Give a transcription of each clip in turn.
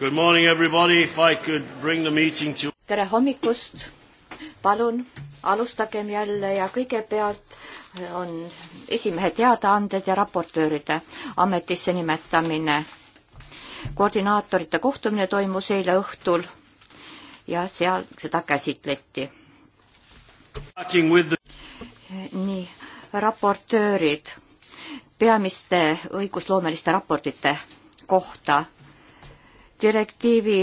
Good morning everybody, if I could bring the meeting to tere hommikust, palun alustagem jälle ja kõigepealt on esimehe teadaanded ja raportööride ametisse nimetamine. koordinaatorite kohtumine toimus eile õhtul ja seal seda käsitleti. nii, raportöörid peamiste õigusloomeliste raportite kohta direktiivi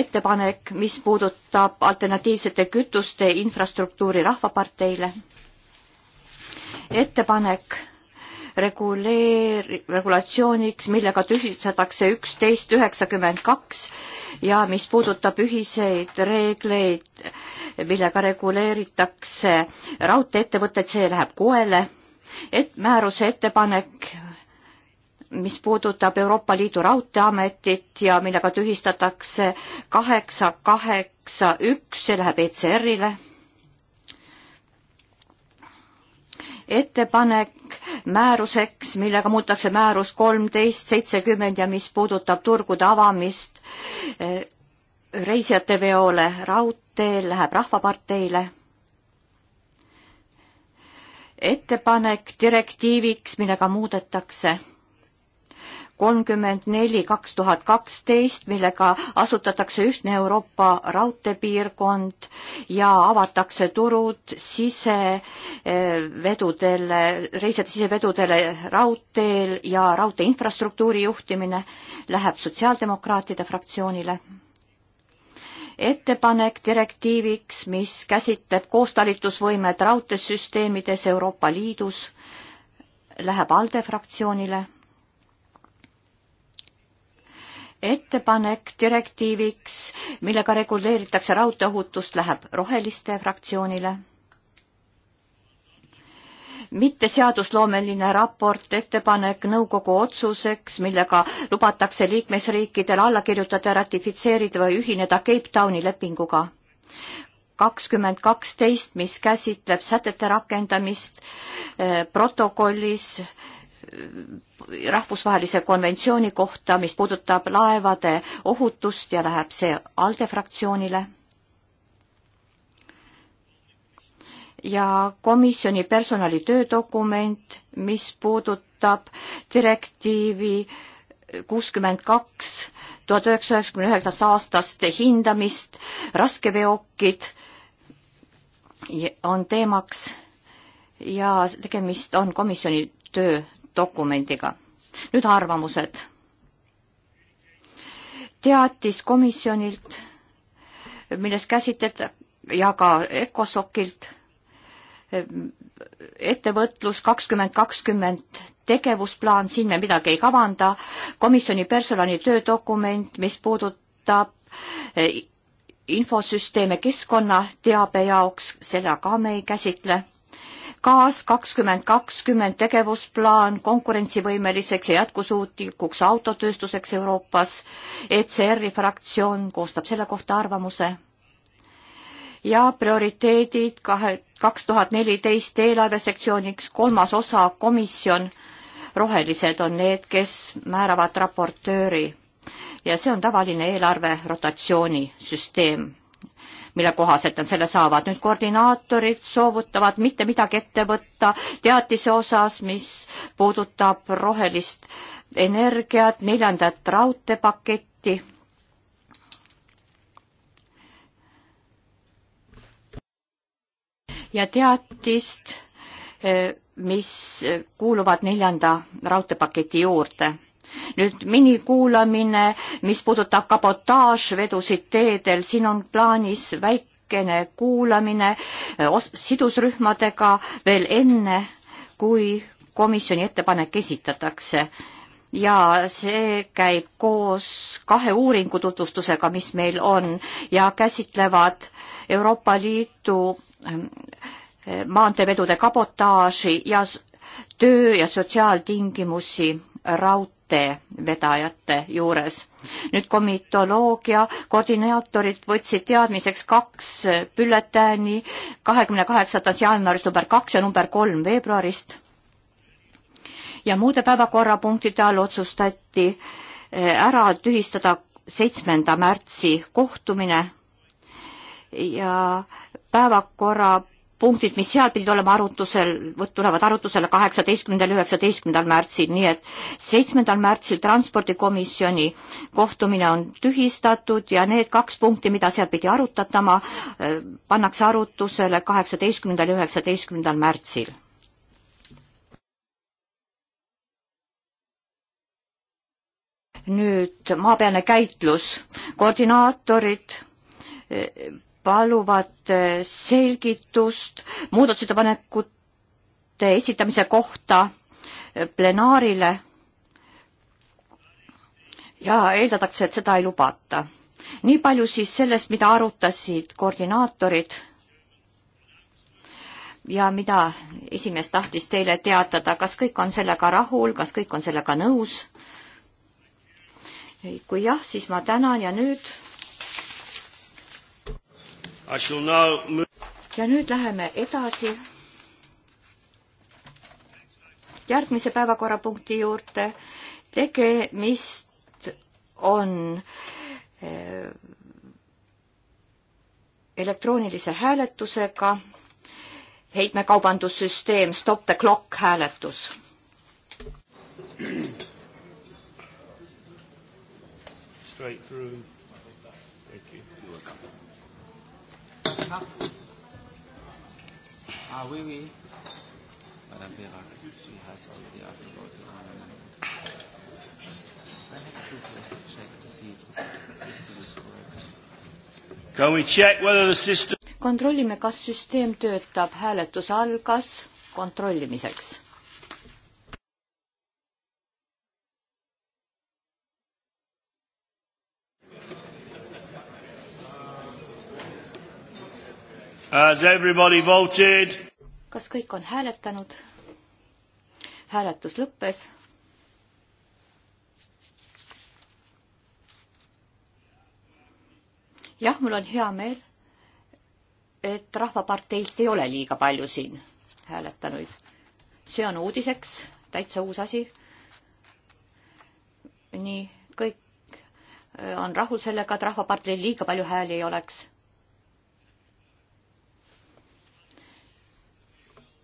ettepanek, mis puudutab alternatiivsete kütuste infrastruktuuri Rahvaparteile. ettepanek reguleeri-, regulatsiooniks, millega tühistatakse üksteist üheksakümmend kaks ja mis puudutab ühiseid reegleid, millega reguleeritakse raudteeettevõtted, see läheb koele, et määruse ettepanek mis puudutab Euroopa Liidu Raudteeametit ja millega tühistatakse kaheksa, kaheksa, üks, see läheb ECR-ile. ettepanek määruseks, millega muudetakse määrus kolmteist seitsekümmend ja mis puudutab turgude avamist eh, reisijateveole raudteel, läheb Rahvaparteile ettepanek direktiiviks, millega muudetakse kolmkümmend neli kaks tuhat kaksteist, millega asutatakse ühtne Euroopa raudteepiirkond ja avatakse turud sisevedudele, eh, reisijate sisevedudele raudteel ja raudtee infrastruktuuri juhtimine läheb sotsiaaldemokraatide fraktsioonile ettepanek direktiiviks, mis käsitleb koostalitusvõimet raudteesüsteemides Euroopa Liidus, läheb ALDE fraktsioonile ettepanek direktiiviks, millega reguleeritakse raudteeohutust, läheb Roheliste fraktsioonile. mitteseadusloomeline raport, ettepanek nõukogu otsuseks, millega lubatakse liikmesriikidel alla kirjutada, ratifitseerida või ühineda Cape Towni lepinguga kakskümmend kaksteist, mis käsitleb sätete rakendamist eh, protokollis äh, rahvusvahelise konventsiooni kohta, mis puudutab laevade ohutust ja läheb see ALDE fraktsioonile. ja komisjoni personali töödokument, mis puudutab direktiivi kuuskümmend kaks tuhat üheksasaja üheksakümne üheksast aastast hindamist, raskeveokid on teemaks ja tegemist on komisjoni töö dokumendiga. nüüd arvamused. teatis komisjonilt, milles käsitled ja ka ECOSOC-ilt ettevõtlus kakskümmend kakskümmend tegevusplaan, siin me midagi ei kavanda, komisjoni personali töödokument, mis puudutab e, infosüsteeme keskkonnateabe jaoks, seda ka me ei käsitle kaas kakskümmend kakskümmend tegevusplaan konkurentsivõimeliseks ja jätkusuutlikuks autotööstuseks Euroopas. ECR-i fraktsioon koostab selle kohta arvamuse. ja prioriteedid kahe, kaks tuhat neliteist eelarvesektsiooniks kolmas osa komisjon. rohelised on need, kes määravad raportööri ja see on tavaline eelarve rotatsioonisüsteem mille kohaselt nad selle saavad. nüüd koordinaatorid soovutavad mitte midagi ette võtta teatise osas, mis puudutab rohelist energiat, neljandat raudteepaketti ja teatist, eh, mis kuuluvad neljanda raudteepaketi juurde nüüd minikuulamine, mis puudutab kabotaažvedusid teedel, siin on plaanis väikene kuulamine eh, sidusrühmadega veel enne, kui komisjoni ettepanek esitatakse ja see käib koos kahe uuringu tutvustusega, mis meil on ja käsitlevad Euroopa Liidu ehm, eh, maanteevedude kabotaaži ja töö ja sotsiaaltingimusi raud-, raudteevedajate juures. nüüd komitoloogia koordinaatorid võtsid teadmiseks kaks bülletääni, kahekümne kaheksandast jaanuarist number kaks ja number kolm veebruarist. ja muude päevakorrapunktide all otsustati eh, ära tühistada seitsmenda märtsi kohtumine ja päevakorra punktid, mis seal pidid olema arutusel, tulevad arutusele kaheksateistkümnendal, üheksateistkümnendal märtsil, nii et seitsmendal märtsil transpordikomisjoni kohtumine on tühistatud ja need kaks punkti, mida seal pidi arutatama, äh, pannakse arutusele kaheksateistkümnendal ja üheksateistkümnendal märtsil. nüüd maapealne käitlus, koordinaatorid äh, paluvad selgitust muudatusettepanekute esitamise kohta plenaarile ja eeldatakse, et seda ei lubata. nii palju siis sellest, mida arutasid koordinaatorid ja mida esimees tahtis teile teatada, kas kõik on sellega rahul, kas kõik on sellega nõus? kui jah, siis ma tänan ja nüüd ja nüüd läheme edasi järgmise päevakorrapunkti juurde. tegemist on eh, elektroonilise hääletusega heitmekaubandussüsteem Stop the Clock hääletus. Straight through. Bérard Ah oui, oui. Madame Bérard, she has already asked about the amendment. Perhaps we just check to see if the system is correct. Can we check whether the system kontrollime, kas süsteem töötab, hääletus algas kontrollimiseks Has everybody voted? kas kõik on hääletanud? hääletus lõppes. jah, mul on hea meel, et Rahvaparteist ei ole liiga palju siin hääletanuid. see on uudiseks, täitsa uus asi. nii, kõik äh, on rahul sellega, et Rahvaparteil liiga palju hääli ei oleks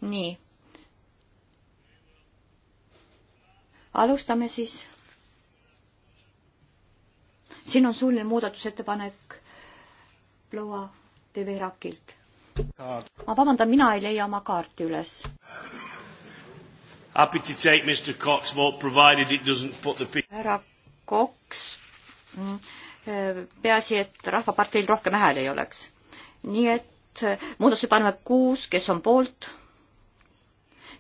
nii. alustame siis. siin on suuline muudatusettepanek proua Deverakilt. ma vabandan, mina ei leia oma kaarti üles. Happy to take Mr Cox vote provided it doesn't put the härra Cox, mm, eh, peaasi, et Rahvaparteil rohkem hääli ei oleks. nii et eh, muudatusettepanek kuus, kes on poolt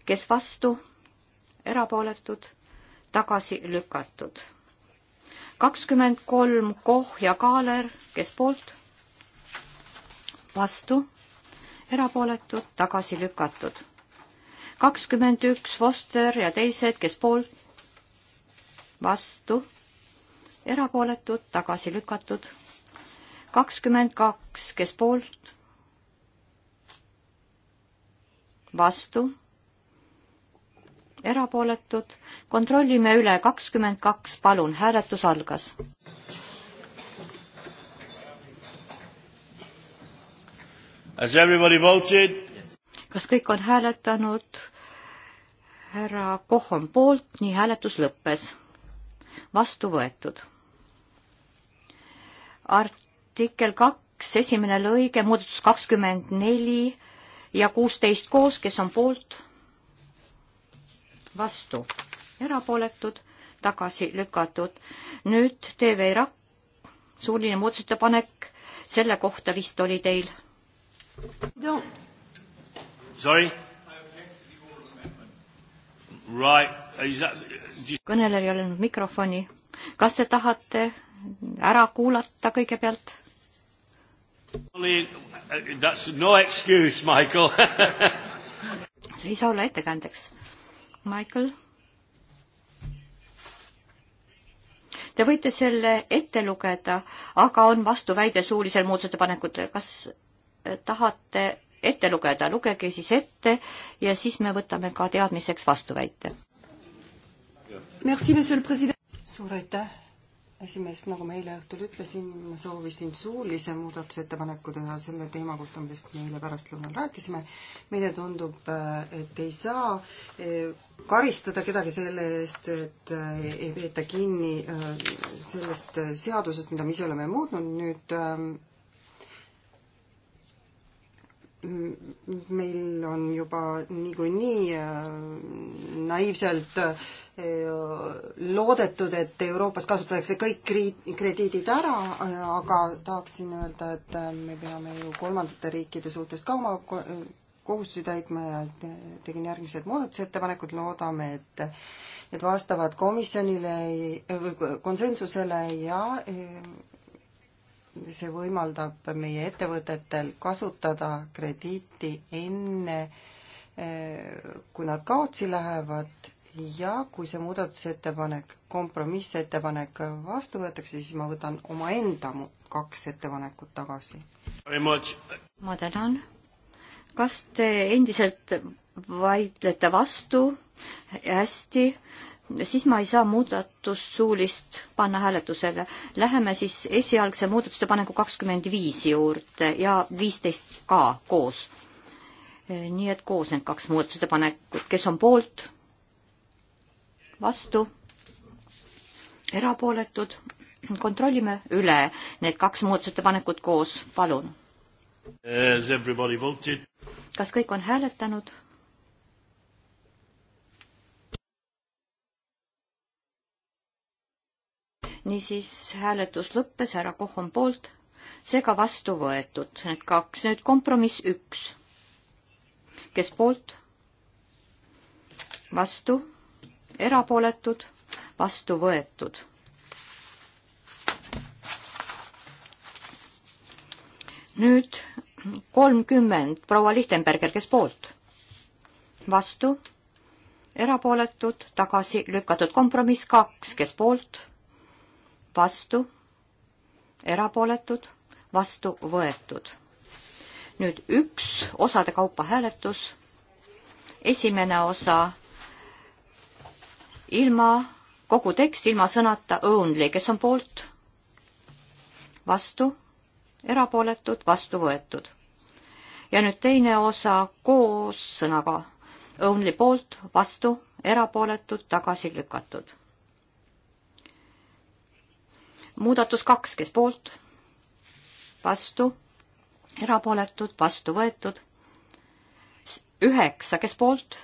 kes vastu, erapooletud, tagasi lükatud. kakskümmend kolm Koh ja Kaaler, kes poolt, vastu, erapooletud, tagasi lükatud. kakskümmend üks Foster ja teised, kes poolt, vastu, erapooletud, tagasi lükatud. kakskümmend kaks, kes poolt, vastu erapooletud. kontrollime üle, kakskümmend kaks, palun, hääletus algas. kas kõik on hääletanud? härra Koch on poolt, nii hääletus lõppes. vastu võetud. artikkel kaks, esimene lõige, muudatus kakskümmend neli ja kuusteist koos, kes on poolt vastu, erapooletud, tagasi lükatud. nüüd TV Irak, suuline muudatusettepanek, selle kohta vist oli teil no.? Sorry? Right. That... kõnelejal ei ole nüüd mikrofoni. kas te tahate ära kuulata kõigepealt? That's no excuse, Michael see ei saa olla ettekäändeks Michael. Te võite selle ette lugeda, aga on vastuväide suulisel muudatusettepanekutel. kas äh, tahate ette lugeda, lugege siis ette ja siis me võtame ka teadmiseks vastuväite. suur aitäh, esimees, nagu ma eile õhtul ütlesin, ma soovisin suulise muudatusettepaneku teha selle teema kohta, millest me eile pärastlõunal rääkisime. meile tundub, äh, et ei saa äh, karistada kedagi selle eest, et äh, ei peeta kinni sellest seadusest, mida me ise oleme muutnud, nüüd ähm, meil on juba niikuinii naiivselt äh, loodetud, et Euroopas kasutatakse kõik krediidid ära, aga tahaksin öelda, et me peame ju kolmandate riikide suhtes ka oma kohustusi täitma ja tegin järgmised muudatusettepanekud, loodame, et need vastavad komisjonile, konsensusele ja eh, see võimaldab meie ettevõtetel kasutada krediiti enne, eh, kui nad kaotsi lähevad ja kui see muudatusettepanek, kompromissettepanek vastu võetakse, siis ma võtan omaenda kaks ettepanekut tagasi. ma tänan. kas te endiselt vaidlete vastu? hästi, siis ma ei saa muudatust suulist panna hääletusele. Läheme siis esialgse muudatustepaneku kakskümmend viis juurde ja viisteist ka koos. nii et koos need kaks muudatusettepanekut, kes on poolt vastu, erapooletud, kontrollime üle need kaks muudatusettepanekut koos, palun. kas kõik on hääletanud? niisiis hääletus lõppes, härra Koch on poolt, seega vastu võetud need kaks, nüüd kompromiss üks. kes poolt? vastu erapooletud, vastu võetud. nüüd kolmkümmend, proua Lichtenberger, kes poolt? vastu, erapooletud, tagasi lükatud, kompromiss kaks, kes poolt? vastu, erapooletud, vastu võetud. nüüd üks osade kaupa hääletus. esimene osa ilma, kogu tekst ilma sõnata only, kes on poolt, vastu, erapooletud, vastu võetud. ja nüüd teine osa koos sõnaga only poolt, vastu, erapooletud, tagasi lükatud. muudatus kaks, kes poolt, vastu, erapooletud, vastu võetud, üheksa, kes poolt,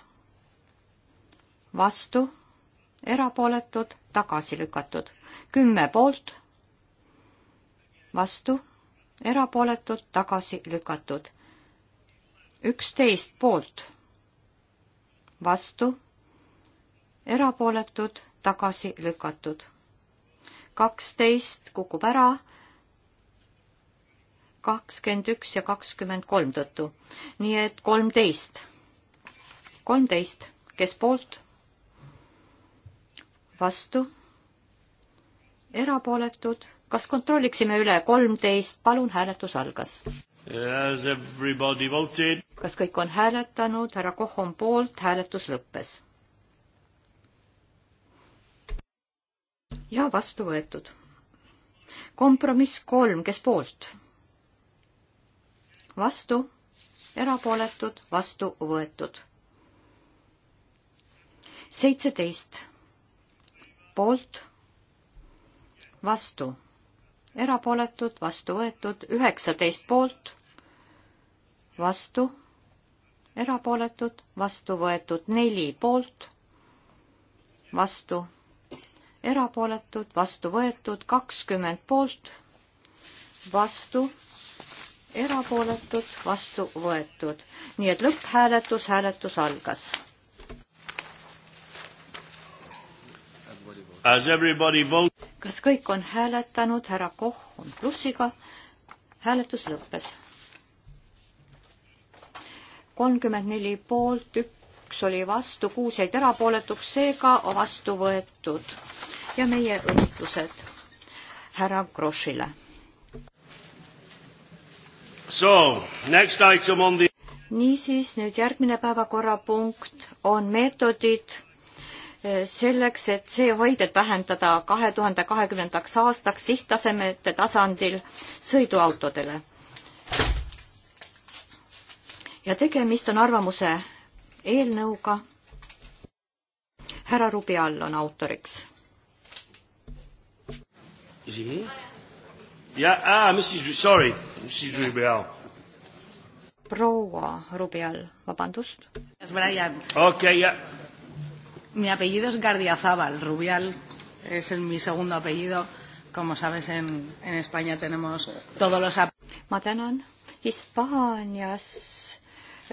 vastu erapooletud, tagasi lükatud. kümme poolt, vastu, erapooletud, tagasi lükatud. üksteist poolt, vastu, erapooletud, tagasi lükatud. kaksteist kukub ära, kakskümmend üks ja kakskümmend kolm tõttu. nii et kolmteist, kolmteist, kes poolt vastu, erapooletud, kas kontrolliksime üle, kolmteist, palun, hääletus algas. kas kõik on hääletanud, härra Koch on poolt, hääletus lõppes. ja vastu võetud. kompromiss kolm, kes poolt? vastu, erapooletud, vastu võetud. seitseteist poolt, vastu, erapooletud, vastu võetud, üheksateist poolt, vastu, erapooletud, vastu võetud, neli poolt, vastu, erapooletud, vastu võetud, kakskümmend poolt, vastu, erapooletud, vastu võetud. nii et lõpphääletus, hääletus algas kas kõik on hääletanud, härra Koch on plussiga, hääletus lõppes. kolmkümmend neli poolt, üks oli vastu, kuus jäid erapooletuks, seega vastu võetud. ja meie õnnitlused härra Grossile. So, next item on the niisiis, nüüd järgmine päevakorrapunkt on meetodid selleks, et CO-hoided vähendada kahe tuhande kahekümnendaks aastaks sihttasemete tasandil sõiduautodele. ja tegemist on arvamuse eelnõuga. härra Rubial on autoriks. jaa, ah, sorry, Rubial. proua Rubial, vabandust. okei okay,, jah yeah Mi apellido es Gardiazábal, Rubial es el, mi segundo apellido. Como sabes, en, en España tenemos todos los ma tänan. Hispaanias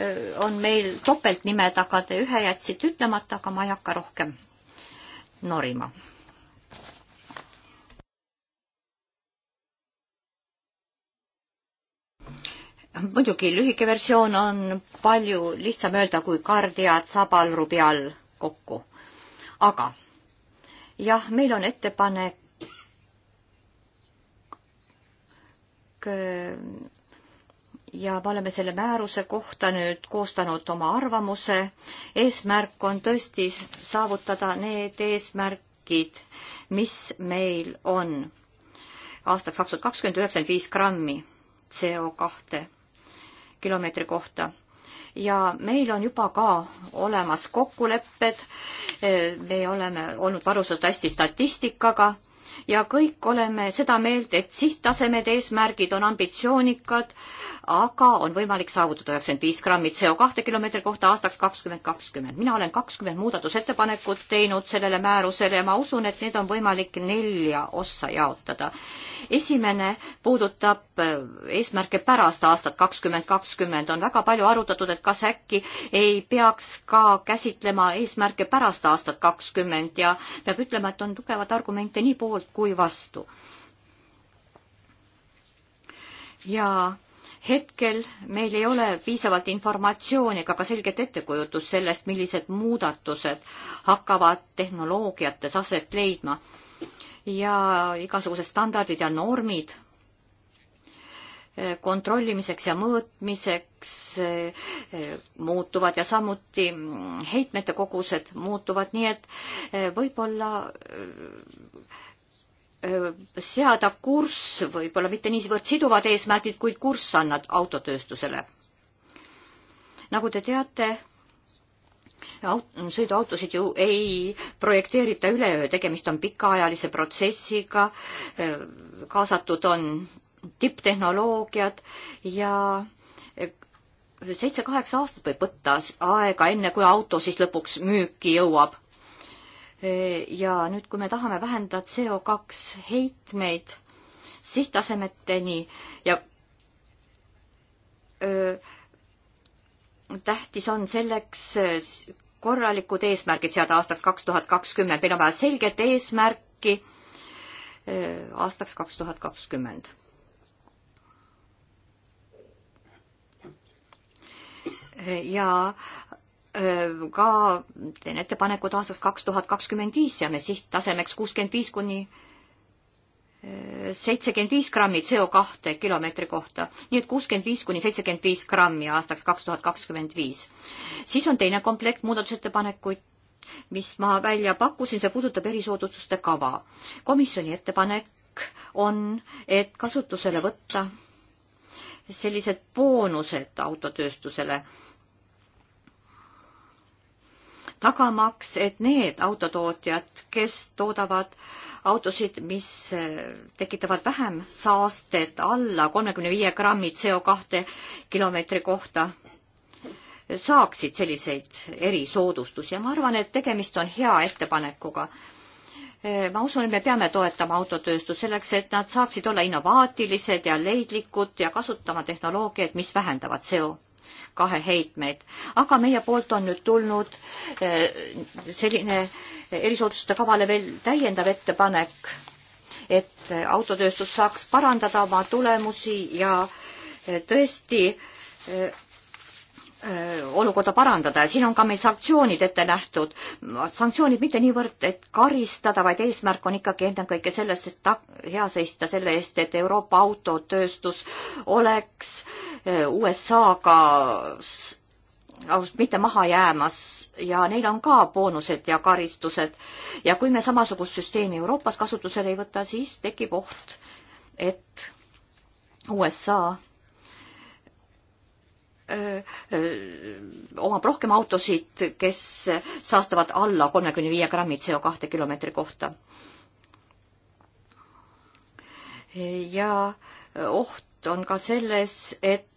eh, on meil topeltnimed, aga te ühe jätsite ütlemata, aga ma ei hakka rohkem norima. muidugi lühike versioon on palju lihtsam öelda kui kardiad, sabal, rubial kokku aga jah, meil on ettepanek ja me oleme selle määruse kohta nüüd koostanud oma arvamuse. eesmärk on tõesti saavutada need eesmärgid, mis meil on aastaks kaks tuhat kakskümmend üheksakümmend viis grammi CO kahte kilomeetri kohta ja meil on juba ka olemas kokkulepped, me oleme olnud varustatud hästi statistikaga ja kõik oleme seda meelt, et sihttasemed, eesmärgid on ambitsioonikad, aga on võimalik saavutada üheksakümmend viis grammi CO kahte kilomeetri kohta aastaks kakskümmend kakskümmend. mina olen kakskümmend muudatusettepanekut teinud sellele määrusele ja ma usun, et need on võimalik nelja ossa jaotada. esimene puudutab äh, eesmärke pärast aastat kakskümmend kakskümmend. on väga palju arutatud, et kas äkki ei peaks ka käsitlema eesmärke pärast aastat kakskümmend ja peab ütlema, et on tugevat argumente nii pool poolt kui vastu. ja hetkel meil ei ole piisavalt informatsiooni ega ka selget ettekujutust sellest, millised muudatused hakkavad tehnoloogiates aset leidma ja igasugused standardid ja normid kontrollimiseks ja mõõtmiseks eh, muutuvad ja samuti mm, heitmete kogused muutuvad, nii et eh, võib-olla eh, Äh, seada kurss, võib-olla mitte niivõrd siduvad eesmärgid, kuid kurss annad autotööstusele. nagu te teate, aut-, sõiduautosid ju ei projekteerita üleöö, tegemist on pikaajalise protsessiga, äh, kaasatud on tipptehnoloogiad ja äh, seitse-kaheksa aastat võib võtta aega, enne kui auto siis lõpuks müüki jõuab ja nüüd, kui me tahame vähendada CO2 heitmeid sihttasemeteni ja öö, tähtis on selleks korralikud eesmärgid seada aastaks kaks tuhat kakskümmend, meil on vaja selget eesmärki öö, aastaks kaks tuhat kakskümmend. ja ka teen ettepanekud aastaks kaks tuhat kakskümmend viis ja me sihttasemeks kuuskümmend viis kuni seitsekümmend viis grammi CO kahte kilomeetri kohta, nii et kuuskümmend viis kuni seitsekümmend viis grammi aastaks kaks tuhat kakskümmend viis. siis on teine komplekt muudatusettepanekuid, mis ma välja pakkusin, see puudutab erisoodustuste kava. komisjoni ettepanek on, et kasutusele võtta sellised boonused autotööstusele tagamaks, et need autotootjad, kes toodavad autosid, mis eh, tekitavad vähem saastet alla kolmekümne viie grammi CO kahte kilomeetri kohta, saaksid selliseid erisoodustusi ja ma arvan, et tegemist on hea ettepanekuga. Eh, ma usun, et me peame toetama autotööstust selleks, et nad saaksid olla innovaatilised ja leidlikud ja kasutama tehnoloogiaid, mis vähendavad CO kahe heitmeid. aga meie poolt on nüüd tulnud eh, selline erisoodustuste kavale veel täiendav ettepanek, et autotööstus saaks parandada oma tulemusi ja eh, tõesti eh, Äh, olukorda parandada ja siin on ka meil sanktsioonid ette nähtud. sanktsioonid mitte niivõrd, et karistada, vaid eesmärk on ikkagi ennekõike selles, et ta-, hea seista selle eest, et Euroopa autotööstus oleks äh, USA-ga ausalt mitte maha jäämas ja neil on ka boonused ja karistused. ja kui me samasugust süsteemi Euroopas kasutusele ei võta, siis tekib oht, et USA omab rohkem autosid, kes saastavad alla kolmekümne viie grammi CO kahte kilomeetri kohta. ja oht on ka selles, et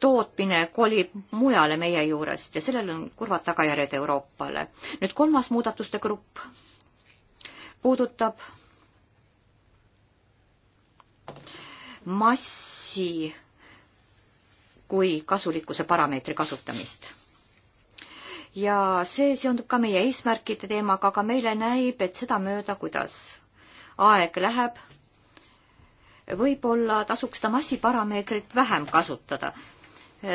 tootmine kolib mujale meie juurest ja sellel on kurvad tagajärjed Euroopale. nüüd kolmas muudatuste grupp puudutab massi kui kasulikkuse parameetri kasutamist. ja see seondub ka meie eesmärkide teemaga, aga meile näib, et sedamööda, kuidas aeg läheb, võib-olla tasuks seda massiparameetrit vähem kasutada.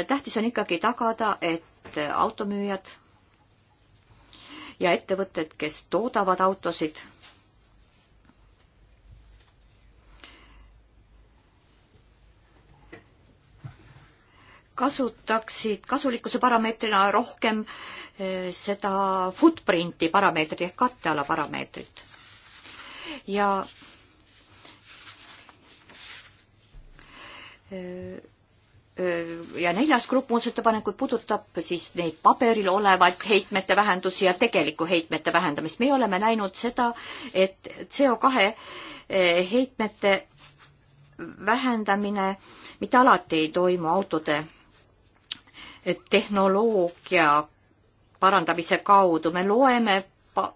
tähtis on ikkagi tagada, et automüüjad ja ettevõtted, kes toodavad autosid, kasutaksid kasulikkuse parameetrina rohkem eh, seda footprinti parameetrit ehk katteala parameetrit. ja eh, eh, ja neljas grupp muudatusettepanekuid puudutab siis neid paberil olevaid heitmete vähendusi ja tegelikku heitmete vähendamist. meie oleme näinud seda, et CO2 heitmete vähendamine mitte alati ei toimu autode tehnoloogia parandamise kaudu. me loeme pa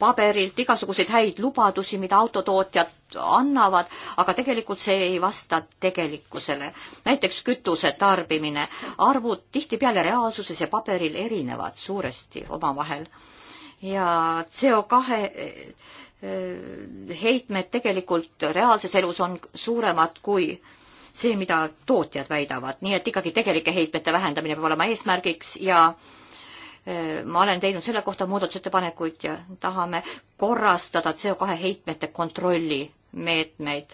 paberilt igasuguseid häid lubadusi, mida autotootjad annavad, aga tegelikult see ei vasta tegelikkusele. näiteks kütuse tarbimine, arvud tihtipeale reaalsuses ja paberil erinevad suuresti omavahel. ja CO kahe eh, eh, heitmed tegelikult reaalses elus on suuremad kui äh, see, mida tootjad väidavad, nii et ikkagi tegelike heitmete vähendamine peab olema eesmärgiks ja e, ma olen teinud selle kohta muudatusettepanekuid ja tahame korrastada CO2 heitmete kontrolli meetmeid.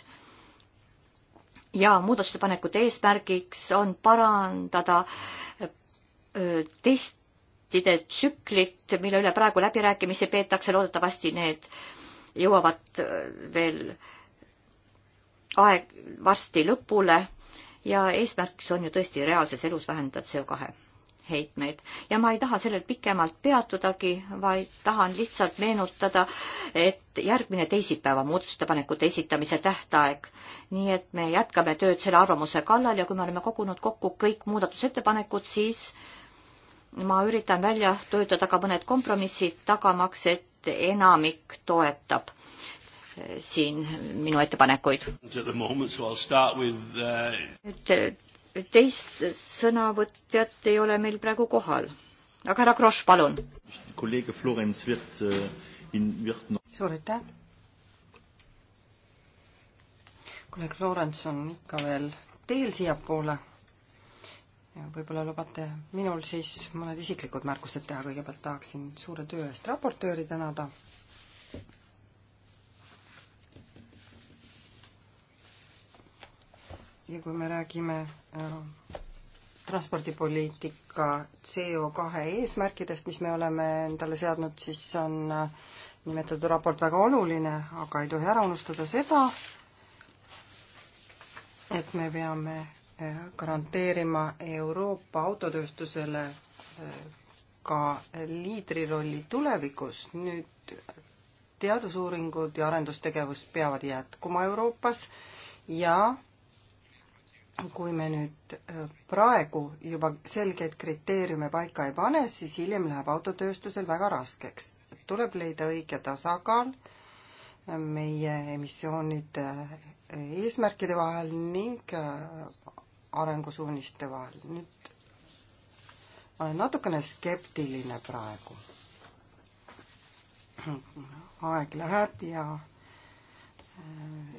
ja muudatusettepanekute eesmärgiks on parandada e, testide tsüklit, mille üle praegu läbirääkimisi peetakse, loodetavasti need jõuavad e, veel äh, aeg varsti lõpule ja eesmärgiks on ju tõesti reaalses elus vähendada CO2 heitmeid ja ma ei taha sellel pikemalt peatudagi, vaid tahan lihtsalt meenutada, et järgmine teisipäev on muudatusettepanekute esitamise tähtaeg. nii et me jätkame tööd selle arvamuse kallal ja kui me oleme kogunud kokku kõik muudatusettepanekud, siis ma üritan välja töötada ka mõned kompromissid, tagamaks, et enamik toetab siin minu ettepanekuid. Uh, nüüd eh, teist sõnavõtjat ei ole meil praegu kohal, aga härra Kross, palun. Eh, suur aitäh. kolleeg Florence on ikka veel teel siiapoole. võib-olla lubate minul siis mõned isiklikud märkused teha, kõigepealt tahaksin suure töö eest raportööri tänada ja kui me räägime äh, transpordipoliitika CO2 eesmärkidest, mis me oleme endale seadnud, siis on äh, nimetatud raport väga oluline, aga ei tohi ära unustada seda, et me peame äh, garanteerima Euroopa autotööstusele ka liidrirolli tulevikus. nüüd teadusuuringud ja arendustegevus peavad jätkuma Euroopas ja kui me nüüd äh, praegu juba selgeid kriteeriume paika ei pane, siis hiljem läheb autotööstusel väga raskeks. tuleb leida õige tasakaal äh, meie emissioonide äh, eesmärkide vahel ning arengusuuniste vahel. nüüd ma olen natukene skeptiline praegu. aeg läheb ja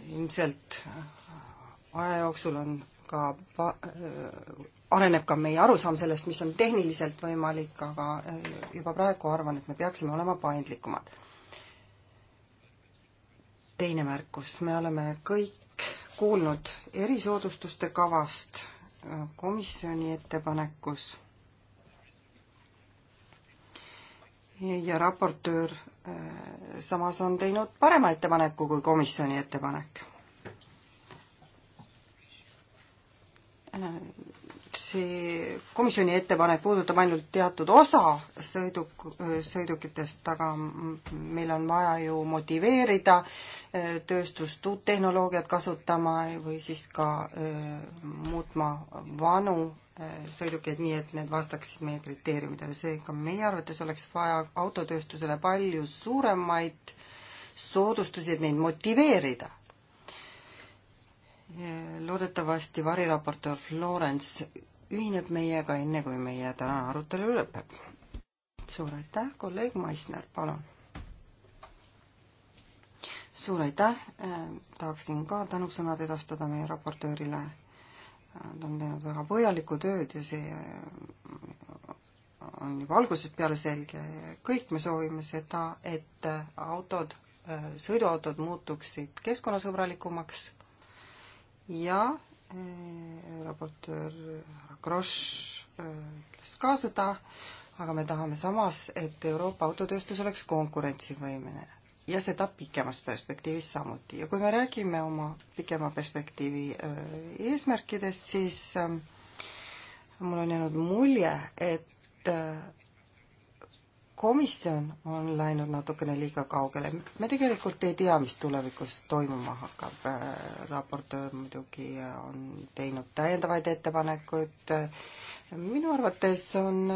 ilmselt aja jooksul on ka äh, areneb ka meie arusaam sellest, mis on tehniliselt võimalik, aga äh, juba praegu arvan, et me peaksime olema paindlikumad. teine märkus, me oleme kõik kuulnud erisoodustuste kavast äh, komisjoni ettepanekus ja raportöör samas on teinud parema ettepaneku kui komisjoni ettepanek see komisjoni ettepanek puudutab ainult teatud osa sõiduk, sõidukitest, aga meil on vaja ju motiveerida äh, tööstust uut tehnoloogiat kasutama või siis ka äh, muutma vanu äh, sõidukeid nii, et need vastaksid meie kriteeriumidele, seega meie arvates oleks vaja autotööstusele palju suuremaid soodustusi, et neid motiveerida loodetavasti variraportöör Florence ühineb meiega enne, kui meie tänane arutelu lõpeb. suur aitäh, kolleeg Maisner, palun. suur aitäh, äh, tahaksin ka tänusõnad edastada meie raportöörile. Nad on teinud väga põhjalikku tööd ja see äh, on juba algusest peale selge, kõik me soovime seda, et autod, äh, sõiduautod muutuksid keskkonnasõbralikumaks ja eh, raportöör härra Grosch eh, ütles ka seda, aga me tahame samas, et Euroopa autotööstus oleks konkurentsivõimeline ja seda pikemas perspektiivis samuti. ja kui me räägime oma pikema perspektiivi eh, eesmärkidest, siis mul on jäänud mulje, et komisjon on läinud natukene liiga kaugele. me tegelikult ei tea, mis tulevikus toimuma hakkab. raportöör muidugi on teinud täiendavaid ettepanekuid. minu arvates on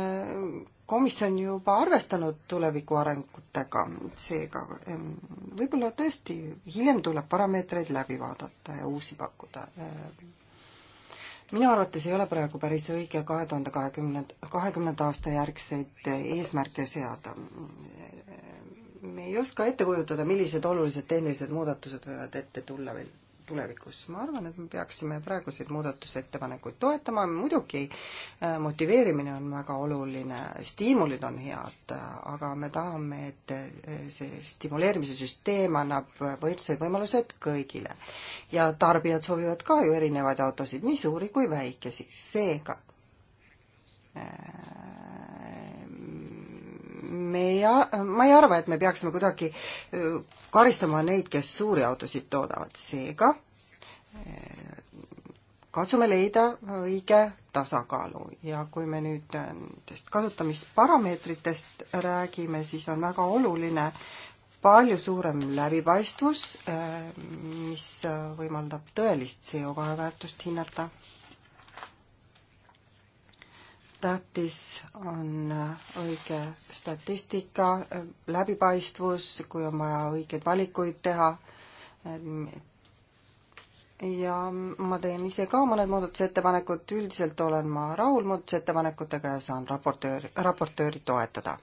komisjon juba arvestanud tuleviku arengutega, seega võib-olla tõesti hiljem tuleb parameetreid läbi vaadata ja uusi pakkuda minu arvates ei ole praegu päris õige kahe tuhande kahekümnenda, kahekümnenda aasta järgseid eesmärke seada. me ei oska ette kujutada, millised olulised tehnilised muudatused võivad ette tulla veel tulevikus. ma arvan, et me peaksime praeguseid muudatusettepanekuid toetama, muidugi äh, motiveerimine on väga oluline, stiimulid on head, äh, aga me tahame, et äh, see stimuleerimise süsteem annab võrdsed võimalused kõigile. ja tarbijad soovivad ka ju erinevaid autosid, nii suuri kui väikesi, seega me ei, ma ei arva, et me peaksime kuidagi karistama neid, kes suuri autosid toodavad, seega katsume leida õige tasakaalu ja kui me nüüd nendest kasutamisparameetritest räägime, siis on väga oluline palju suurem läbipaistvus, mis võimaldab tõelist CO2 väärtust hinnata tähtis on õige statistika, läbipaistvus, kui on vaja õigeid valikuid teha. ja ma teen ise ka mõned muudatusettepanekud, üldiselt olen ma rahul muudatusettepanekutega ja saan raportööri, raportööri toetada.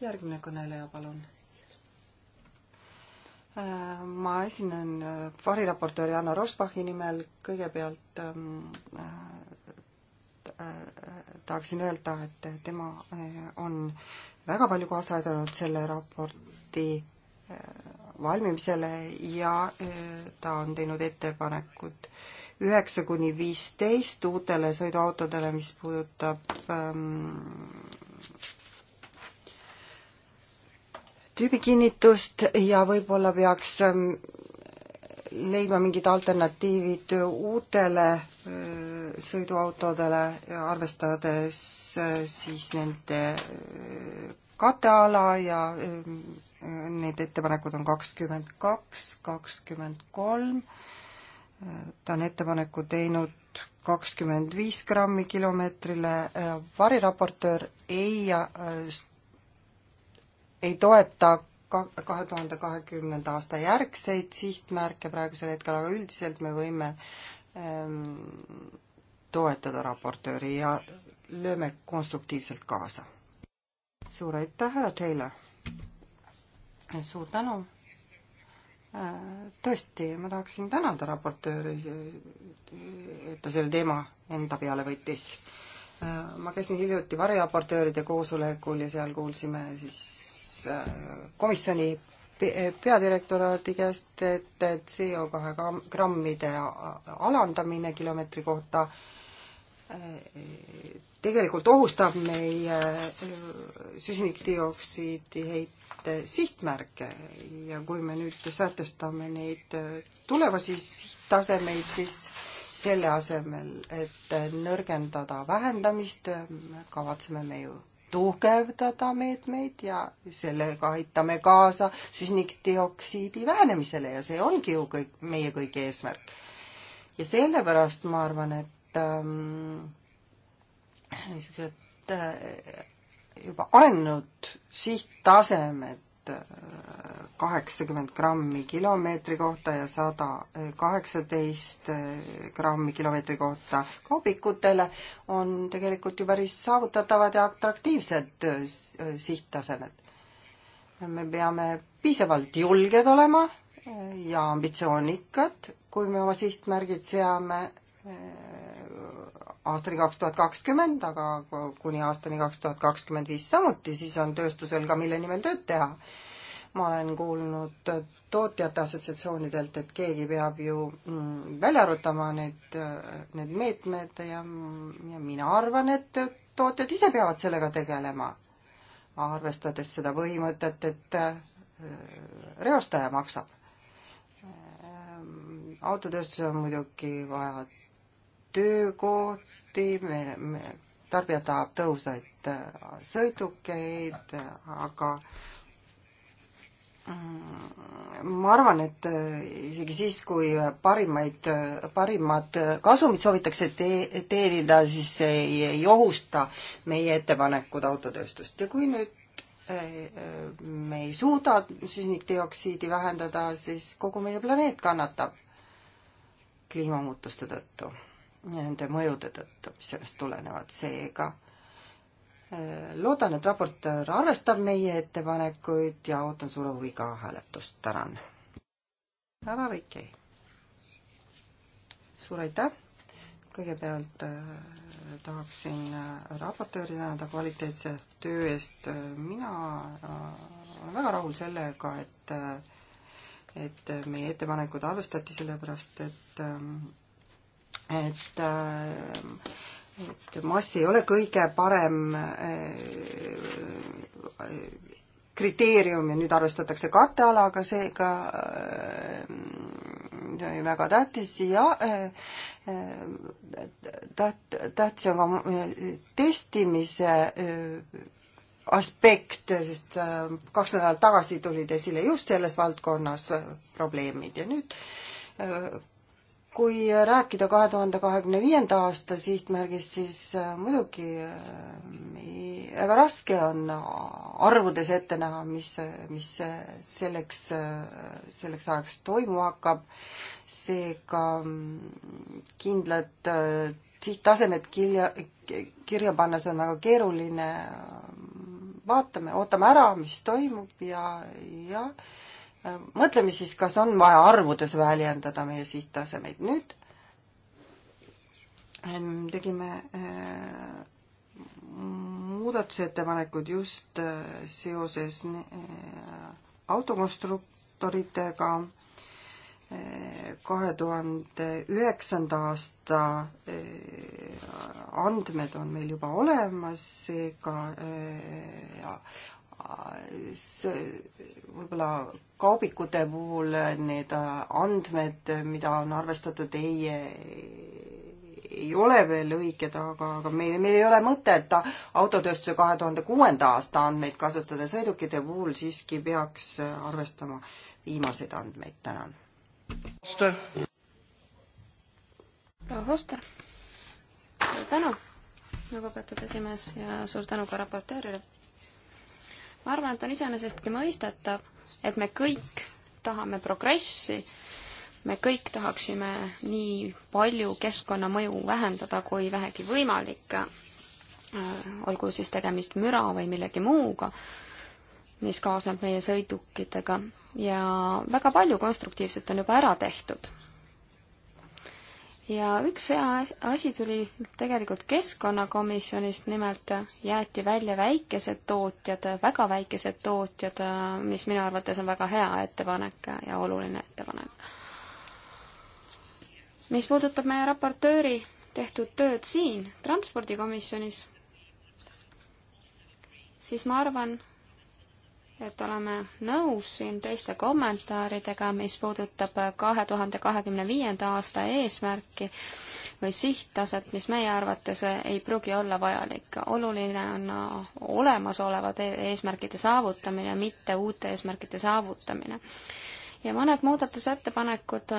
järgmine kõneleja, palun ma esinen äh, variraportööri Anna Rosbachi nimel, kõigepealt ähm, äh, äh, tahaksin öelda, et tema on väga palju kaasa aidanud selle raporti valmimisele ja ta on teinud ettepanekud üheksa kuni viisteist uutele sõiduautodele, mis puudutab ähm, tüübikinnitust ja võib-olla peaks ähm, leidma mingid alternatiivid uutele äh, sõiduautodele, arvestades äh, siis nende äh, katteala ja need ettepanekud on kakskümmend kaks, kakskümmend kolm, ta on ettepaneku teinud kakskümmend viis grammi kilomeetrile, variraportöör ei ei toeta kahe tuhande kahekümnenda aasta järgseid sihtmärke praegusel hetkel, aga üldiselt me võime ähm, toetada raportööri ja lööme konstruktiivselt kaasa. suur aitäh, härra Taylor! suur tänu! Äh, tõesti, ma tahaksin tänada raportööri, et ta selle teema enda peale võttis. Äh, ma käisin hiljuti variraportööride koosolekul ja seal kuulsime siis komisjoni peadirektoraadi käest, et CO kahe grammide alandamine kilomeetri kohta tegelikult ohustab meie äh, süsinikdioksiidi heite sihtmärke ja kui me nüüd sätestame neid äh, tulevasi tasemeid, siis selle asemel, et äh, nõrgendada vähendamist, kavatseme me ju tugevdada meetmeid ja sellega aitame kaasa süsinikdioksiidi vähenemisele ja see ongi ju kõik meie kõigi eesmärk. ja sellepärast ma arvan, et ähm, niisugused äh, juba arenenud sihttasemed Äh, kaheksakümmend grammi kilomeetri kohta ja sada äh, kaheksateist äh, grammi kilomeetri kohta kaubikutele, on tegelikult ju päris saavutatavad ja atraktiivsed sihttasemed. me peame piisavalt julged olema ja ambitsioonikad, kui me oma sihtmärgid seame aastani kaks tuhat kakskümmend, aga kuni aastani kaks tuhat kakskümmend viis samuti, siis on tööstusel ka, mille nimel tööd teha. ma olen kuulnud tootjate assotsiatsioonidelt, et keegi peab ju mm, välja arvutama need, need meetmed ja, ja mina arvan, et tootjad ise peavad sellega tegelema. arvestades seda põhimõtet, et äh, reostaja maksab äh, autotööstusel on muidugi vaja töökohti, me, me, tarbija tahab tõhusaid äh, sõidukeid, aga mm, ma arvan, et äh, isegi siis, kui parimaid, äh, parimad kasumid soovitakse tee-, teenida, siis see ei, ei ohusta meie ettepanekud autotööstust ja kui nüüd me ei suuda süsinikdioksiidi vähendada, siis kogu meie planeet kannatab kliimamuutuste tõttu nende mõjude tõttu, mis sellest tulenevad, seega äh, loodan, et raportöör arvestab meie ettepanekuid ja ootan suure huviga hääletust, tänan. härra Rikki. suur aitäh. kõigepealt äh, tahaksin äh, raportööri tänada kvaliteetse töö eest. mina olen väga rahul sellega, et, et meie ettepanekud arvestati, sellepärast et ähm, et ähm, et mass ei ole kõige parem äh, kriteerium ja nüüd arvestatakse kattealaga, seega ähm, see oli väga tähtis ja äh, täht-, tähtis on ka äh, testimise aspekt, sest kaks nädalat tagasi tulid esile just selles valdkonnas probleemid ja nüüd kui rääkida kahe tuhande kahekümne viienda aasta sihtmärgist, siis äh, muidugi äh, väga raske on arvudes ette näha, mis, mis selleks, äh, selleks ajaks toimuma hakkab. seega mm, kindlad sihttasemed kirja, kirja pannes on väga keeruline. vaatame, ootame ära, mis toimub ja, ja Äh, mõtleme siis, kas on vaja arvudes väljendada meie sihttasemeid. nüüd äh, tegime äh, muudatusettepanekud just seoses autokonstruktoritega kahe tuhande üheksanda aasta andmed on meil juba olemas, seega võib-olla kaubikute puhul need äh, andmed, mida on arvestatud, ei, ei ole veel õiged, aga, aga meil, meil ei ole mõtet autotööstuse kahe tuhande kuuenda aasta andmeid kasutada, sõidukite puhul siiski peaks arvestama viimaseid andmeid, tänan. proua Foster, suur tänu, lugupeetud esimees ja suur tänu ka raportöörile ma arvan, et on iseenesestki mõistetav, et me kõik tahame progressi, me kõik tahaksime nii palju keskkonnamõju vähendada, kui vähegi võimalik, äh, olgu siis tegemist müra või millegi muuga, mis kaasneb meie sõidukitega ja väga palju konstruktiivset on juba ära tehtud ja üks hea asi tuli tegelikult Keskkonnakomisjonist, nimelt jäeti välja väikesed tootjad, väga väikesed tootjad, mis minu arvates on väga hea ettepanek ja oluline ettepanek. mis puudutab meie raportööri tehtud tööd siin, Transpordikomisjonis, siis ma arvan, et oleme nõus siin teiste kommentaaridega, mis puudutab kahe tuhande kahekümne viienda aasta eesmärki või sihttaset, mis meie arvates ei pruugi olla vajalik. oluline on olemasolevate eesmärkide saavutamine, mitte uute eesmärkide saavutamine. ja mõned muudatusettepanekud,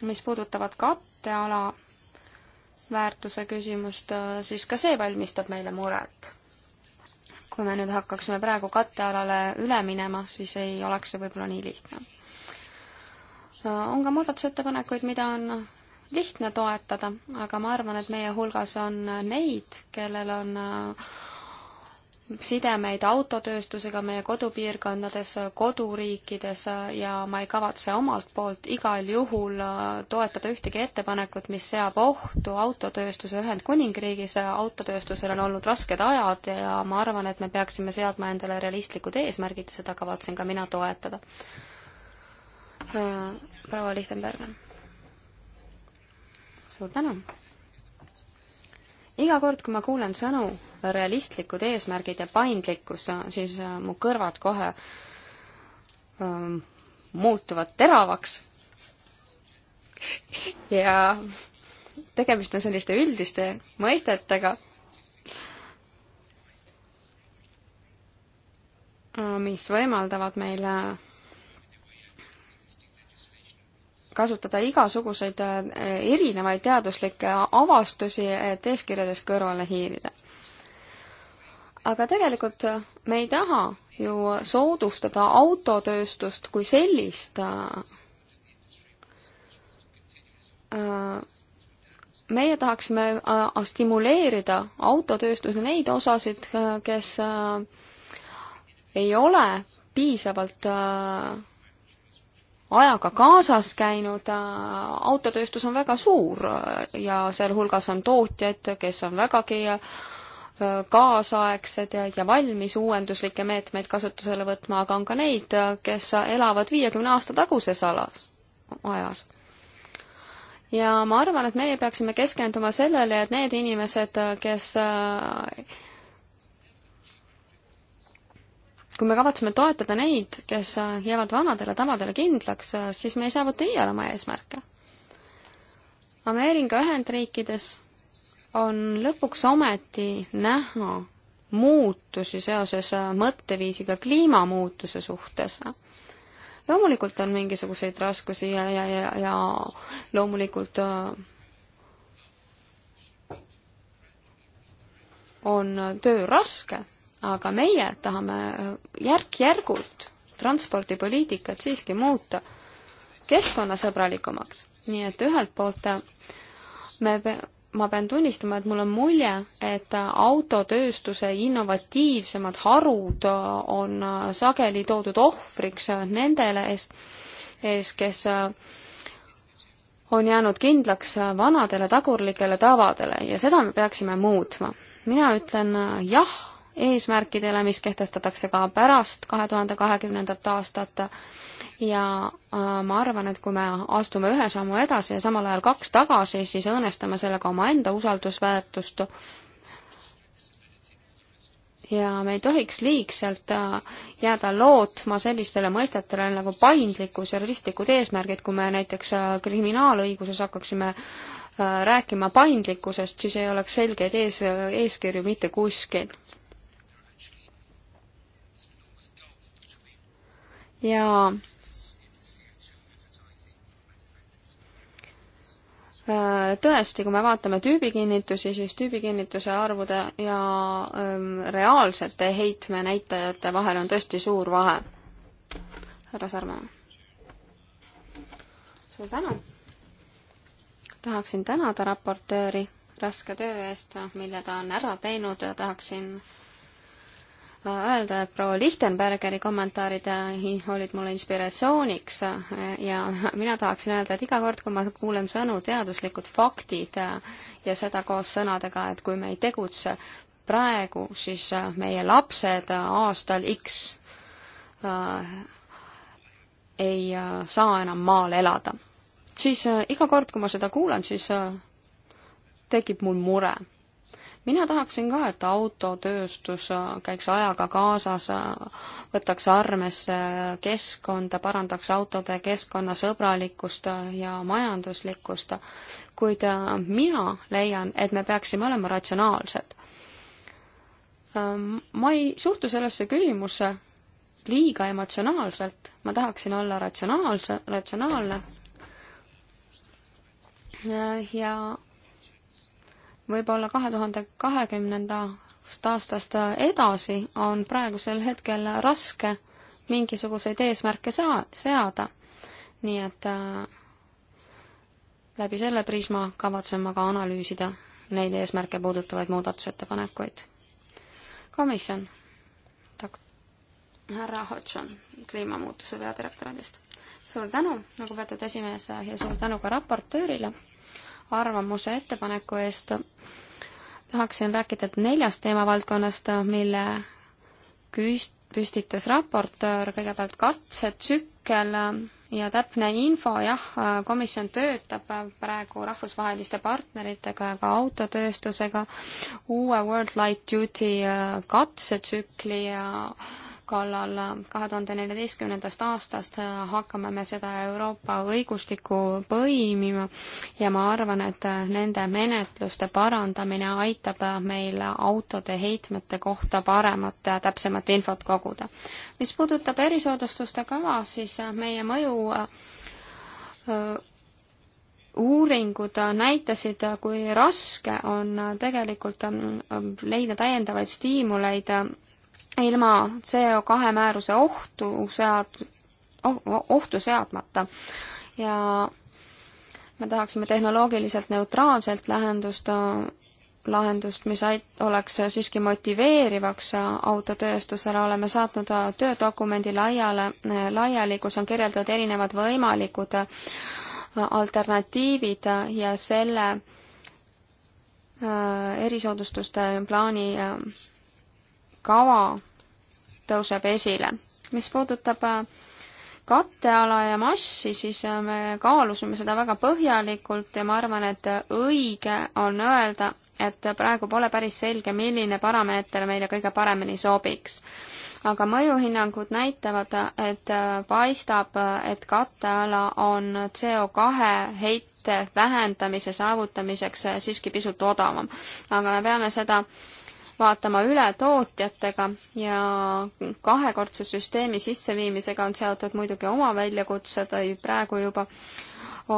mis puudutavad katteala väärtuse küsimust, siis ka see valmistab meile muret kui me nüüd hakkaksime praegu kattealale üle minema, siis ei oleks see võib-olla nii lihtne. on ka muudatusettepanekuid, mida on lihtne toetada, aga ma arvan, et meie hulgas on neid, kellel on äh, sidemeid autotööstusega meie kodupiirkondades, koduriikides ja ma ei kavatse omalt poolt igal juhul äh, toetada ühtegi ettepanekut, mis seab ohtu autotööstuse Ühendkuningriigis. autotööstusel on olnud rasked ajad ja ma arvan, et me peaksime seadma endale realistlikud eesmärgid ja seda kavatsen ka mina toetada. Äh, proua Lichtenberg. suur tänu! iga kord, kui ma kuulen sõnu realistlikud eesmärgid ja paindlikkus, siis äh, mu kõrvad kohe um, muutuvad teravaks. ja tegemist on selliste üldiste mõistetega, mis võimaldavad meile kasutada igasuguseid äh, erinevaid teaduslikke avastusi, et eeskirjadest kõrvale hiilida. aga tegelikult me ei taha ju soodustada autotööstust kui sellist. Äh, äh, meie tahaksime stimuleerida autotööstuse neid osasid, kes ei ole piisavalt äh, ajaga kaasas käinud, äh, autotööstus on väga suur äh, ja sealhulgas on tootjaid, kes on vägagi äh, kaasaegsed ja, ja valmis uuenduslikke meetmeid kasutusele võtma, aga on ka neid, kes elavad viiekümne aasta taguses alas, ajas. ja ma arvan, et meie peaksime keskenduma sellele, et need inimesed, kes äh, kui me kavatseme toetada neid, kes äh, jäävad vanadele tavadele kindlaks, äh, siis me ei saavuta iial oma eesmärke. Ameerika Ühendriikides on lõpuks ometi näha muutusi seoses äh, mõtteviisiga kliimamuutuse suhtes loomulikult on mingisuguseid raskusi ja, ja, ja, ja loomulikult on töö raske, aga meie tahame äh, järk-järgult transpordipoliitikat siiski muuta keskkonnasõbralikumaks. nii et ühelt poolt äh, me, ma pean tunnistama, et mul on mulje, et äh, autotööstuse innovatiivsemad harud on sageli toodud ohvriks nendele ees, ees, kes on jäänud kindlaks vanadele tagurlikele tavadele ja seda me peaksime muutma. mina ütlen jah eesmärkidele, mis kehtestatakse ka pärast kahe tuhande kahekümnendat aastat ja äh, ma arvan, et kui me astume ühe sammu edasi ja samal ajal kaks tagasi, siis õõnestame sellega omaenda usaldusväärtust. ja me ei tohiks liigselt äh, jääda lootma sellistele mõistetele nagu paindlikkus ja realistlikud eesmärgid, kui me näiteks äh, kriminaalõiguses hakkaksime rääkima paindlikkusest, siis ei oleks selgeid ees, eeskirju mitte kuskil ja äh, tõesti, kui me vaatame tüübikinnitusi, siis tüübikinnituse arvude ja ähm, reaalsete heitmenäitajate vahel on tõesti suur vahe. härra Sarmaa. suur tänu. tahaksin tänada raportööri raske töö eest, mille ta on ära teinud ja tahaksin öelda, et proua Lichtenbergeri kommentaarid äh, olid mulle inspiratsiooniks äh, ja mina tahaksin öelda, et iga kord, kui ma kuulen sõnu teaduslikud faktid äh, ja seda koos sõnadega, et kui me ei tegutse praegu, siis meie lapsed aastal X ei saa enam maal elada. siis iga kord, kui ma seda kuulan, siis tekib mul mure mina tahaksin ka, et autotööstus käiks ajaga kaasas, võtaks armesse keskkonda, parandaks autode keskkonnasõbralikkust ja majanduslikkust, kuid äh, mina leian, et me peaksime olema ratsionaalsed. Ähm, ma ei suhtu sellesse küsimusse liiga emotsionaalselt, ma tahaksin olla ratsionaalse, ratsionaalne äh, ja võib-olla kahe tuhande kahekümnendast aastast edasi on praegusel hetkel raske mingisuguseid eesmärke saa-, seada. nii et äh, läbi selle prisma kavatsen ma ka analüüsida neid eesmärke puudutavaid muudatusettepanekuid. komisjon, härra Hodgson kliimamuutuse peadirektoridest. suur tänu, lugupeetud esimees, ja suur tänu ka raportöörile arvamuse ettepaneku eest. tahaksin rääkida neljast teemavaldkonnast, mille küst-, püstitas raportöör, kõigepealt katsetsükkel ja täpne info, jah, komisjon töötab praegu rahvusvaheliste partneritega ja ka autotööstusega uue World Light Duty katsetsükli ja äh, kallal kahe tuhande neljateistkümnendast aastast hakkame me seda Euroopa õigustikku põimima ja ma arvan, et nende menetluste parandamine aitab meil autode heitmete kohta paremat ja täpsemat infot koguda. mis puudutab erisoodustuste kava, siis meie mõju äh, uuringud näitasid, kui raske on tegelikult äh, leida täiendavaid stiimuleid ilma CO2 määruse ohtu sead-, oh-, ohtu seadmata ja me tahaksime tehnoloogiliselt neutraalselt lahendust, lahendust, mis ait-, oleks siiski motiveerivaks autotööstusele, oleme saatnud töödokumendi laiale, laiali, kus on kirjeldatud erinevad võimalikud alternatiivid ja selle äh, erisoodustuste plaani äh, kava tõuseb esile. mis puudutab äh, katteala ja massi, siis äh, me kaalusime seda väga põhjalikult ja ma arvan, et õige on öelda, et praegu pole päris selge, milline parameeter meile kõige paremini sobiks. aga mõjuhinnangud näitavad, et äh, paistab, et katteala on CO2 heite vähendamise saavutamiseks siiski pisut odavam. aga me peame seda vaatama üle tootjatega ja kahekordse süsteemi sisseviimisega on seotud muidugi oma väljakutsed, praegu juba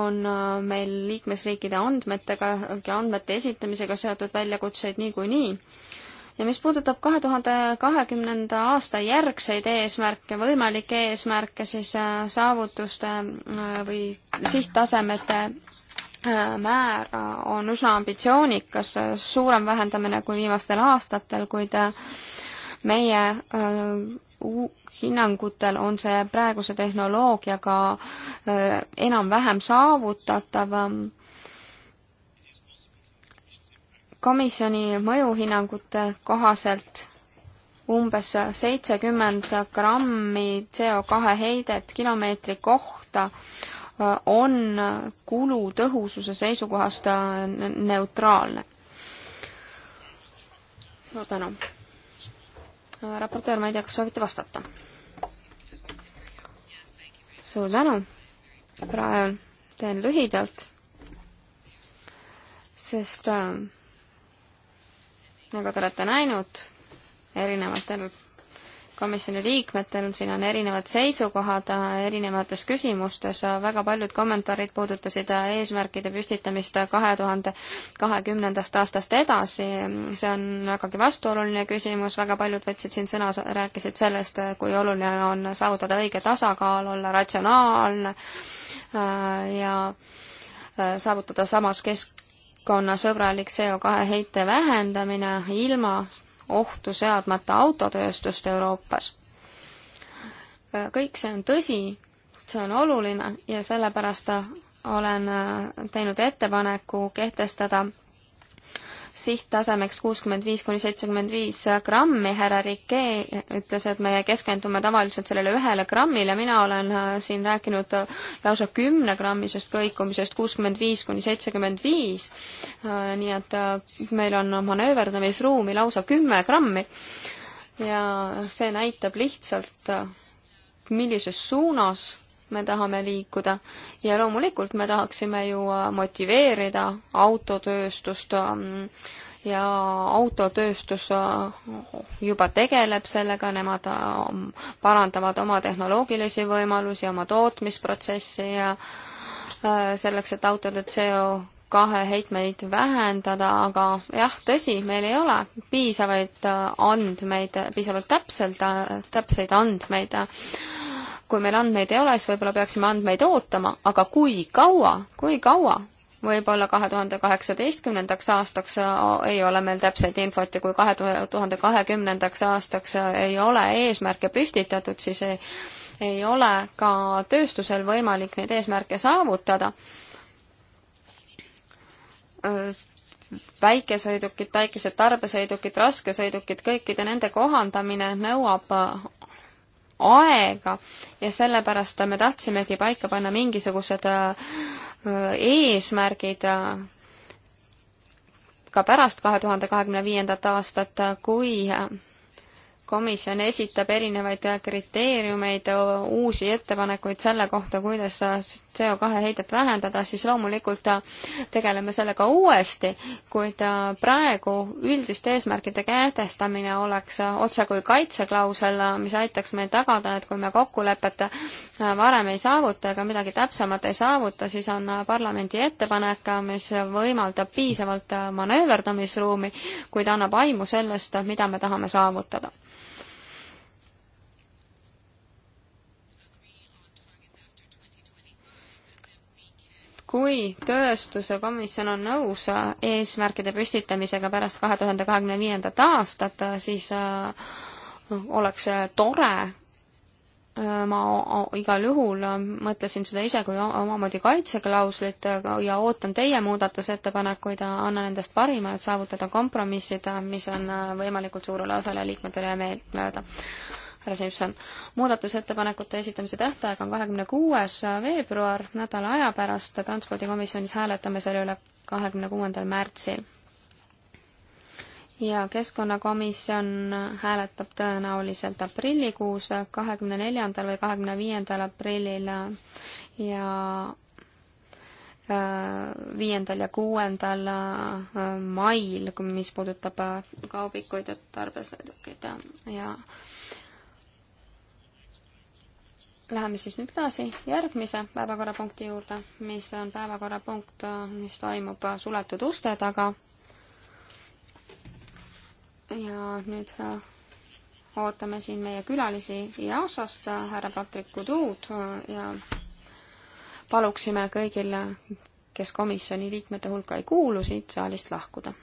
on äh, meil liikmesriikide andmetega ja andmete esitamisega seotud väljakutseid niikuinii ja mis puudutab kahe tuhande kahekümnenda aasta järgseid eesmärke, võimalikke eesmärke, siis äh, saavutuste äh, või sihttasemete Äh, määr äh, on üsna ambitsioonikas, äh, suurem vähendamine kui viimastel aastatel, kuid meie hinnangutel on see praeguse tehnoloogiaga enam-vähem saavutatav. komisjoni mõjuhinnangute kohaselt umbes seitsekümmend grammi CO kahe heidet kilomeetri kohta äh, on kulutõhususe seisukohast neutraalne. suur tänu. raportöör, ma ei tea, kas soovite vastata? suur tänu. praegu teen lühidalt, sest äh, nagu te olete näinud, erinevalt komisjoni liikmetel, siin on erinevad seisukohad äh, erinevates küsimustes, äh, väga paljud kommentaarid puudutasid äh, eesmärkide püstitamist kahe tuhande kahekümnendast aastast edasi, see on vägagi vastuoluline küsimus, väga paljud võtsid siin sõna, rääkisid sellest, kui oluline on saavutada õige tasakaal, olla ratsionaalne ja saavutada samas keskkonnasõbralik CO2 heite vähendamine ilma ohtu seadmata autotööstust Euroopas. kõik see on tõsi, see on oluline ja sellepärast olen teinud ettepaneku kehtestada sihttasemeks kuuskümmend viis kuni seitsekümmend viis grammi, härra Rike ütles, et me keskendume tavaliselt sellele ühele grammile, mina olen äh, siin rääkinud äh, lausa kümnegrammisest kõikumisest kuuskümmend viis kuni seitsekümmend viis, äh, nii et meil on manööverdamisruumi lausa kümme grammi ja see näitab lihtsalt, millises suunas me tahame liikuda ja loomulikult me tahaksime ju äh, motiveerida autotööstust ähm, ja autotööstus äh, juba tegeleb sellega, nemad ähm, parandavad oma tehnoloogilisi võimalusi, oma tootmisprotsessi ja äh, selleks, et autode CO kahe heitmeid vähendada, aga jah, tõsi, meil ei ole piisavaid andmeid, piisavalt täpselt, täpseid andmeid kui meil andmeid ei ole, siis võib-olla peaksime andmeid ootama, aga kui kaua, kui kaua? võib-olla kahe tuhande kaheksateistkümnendaks aastaks äh, ei ole meil täpset infot ja kui kahe tuhande kahekümnendaks aastaks äh, ei ole eesmärke püstitatud, siis ei, ei ole ka tööstusel võimalik neid eesmärke saavutada väikesõidukid, väikesed tarbesõidukid, raskesõidukid, kõikide nende kohandamine nõuab aega ja sellepärast me tahtsimegi paika panna mingisugused äh, eesmärgid äh, ka pärast kahe tuhande kahekümne viiendat aastat, äh, kui komisjon esitab erinevaid kriteeriumeid, uusi ettepanekuid selle kohta, kuidas CO2 heidet vähendada, siis loomulikult äh, tegeleme sellega uuesti, kuid äh, praegu üldiste eesmärkide kätestamine oleks äh, otsekui kaitseklausel, mis aitaks meil tagada, et kui me kokkulepet varem ei saavuta ega midagi täpsemat ei saavuta, siis on parlamendi ettepanek, mis võimaldab piisavalt manööverdamisruumi, kuid annab aimu sellest, mida me tahame saavutada kui tööstuse komisjon on nõus äh, eesmärkide püstitamisega pärast kahe tuhande kahekümne viiendat aastat, äh, siis äh, oleks tore, ma igal juhul mõtlesin seda ise kui omamoodi kaitseklauslit ja ootan teie muudatusettepanekuid, annan endast parima, et saavutada kompromissid, mis on võimalikult suurele osale liikmetele meeltmööda härra Simson. muudatusettepanekute esitamise tähtaeg on kahekümne kuues veebruar, nädala aja pärast Transpordikomisjonis hääletame selle üle kahekümne kuuendal märtsil. ja Keskkonnakomisjon hääletab tõenäoliselt aprillikuus, kahekümne neljandal või kahekümne viiendal aprillil ja äh, viiendal ja kuuendal äh, mail, mis puudutab äh, kaubikuid ja tarbesõidukeid ja, ja Läheme siis nüüd edasi järgmise päevakorrapunkti juurde, mis on päevakorrapunkt, mis toimub suletud uste taga. ja nüüd äh, ootame siin meie külalisi Jaosast, härra Patrick Kuduud äh, ja paluksime kõigil, kes komisjoni liikmete hulka ei kuulu, siit saalist lahkuda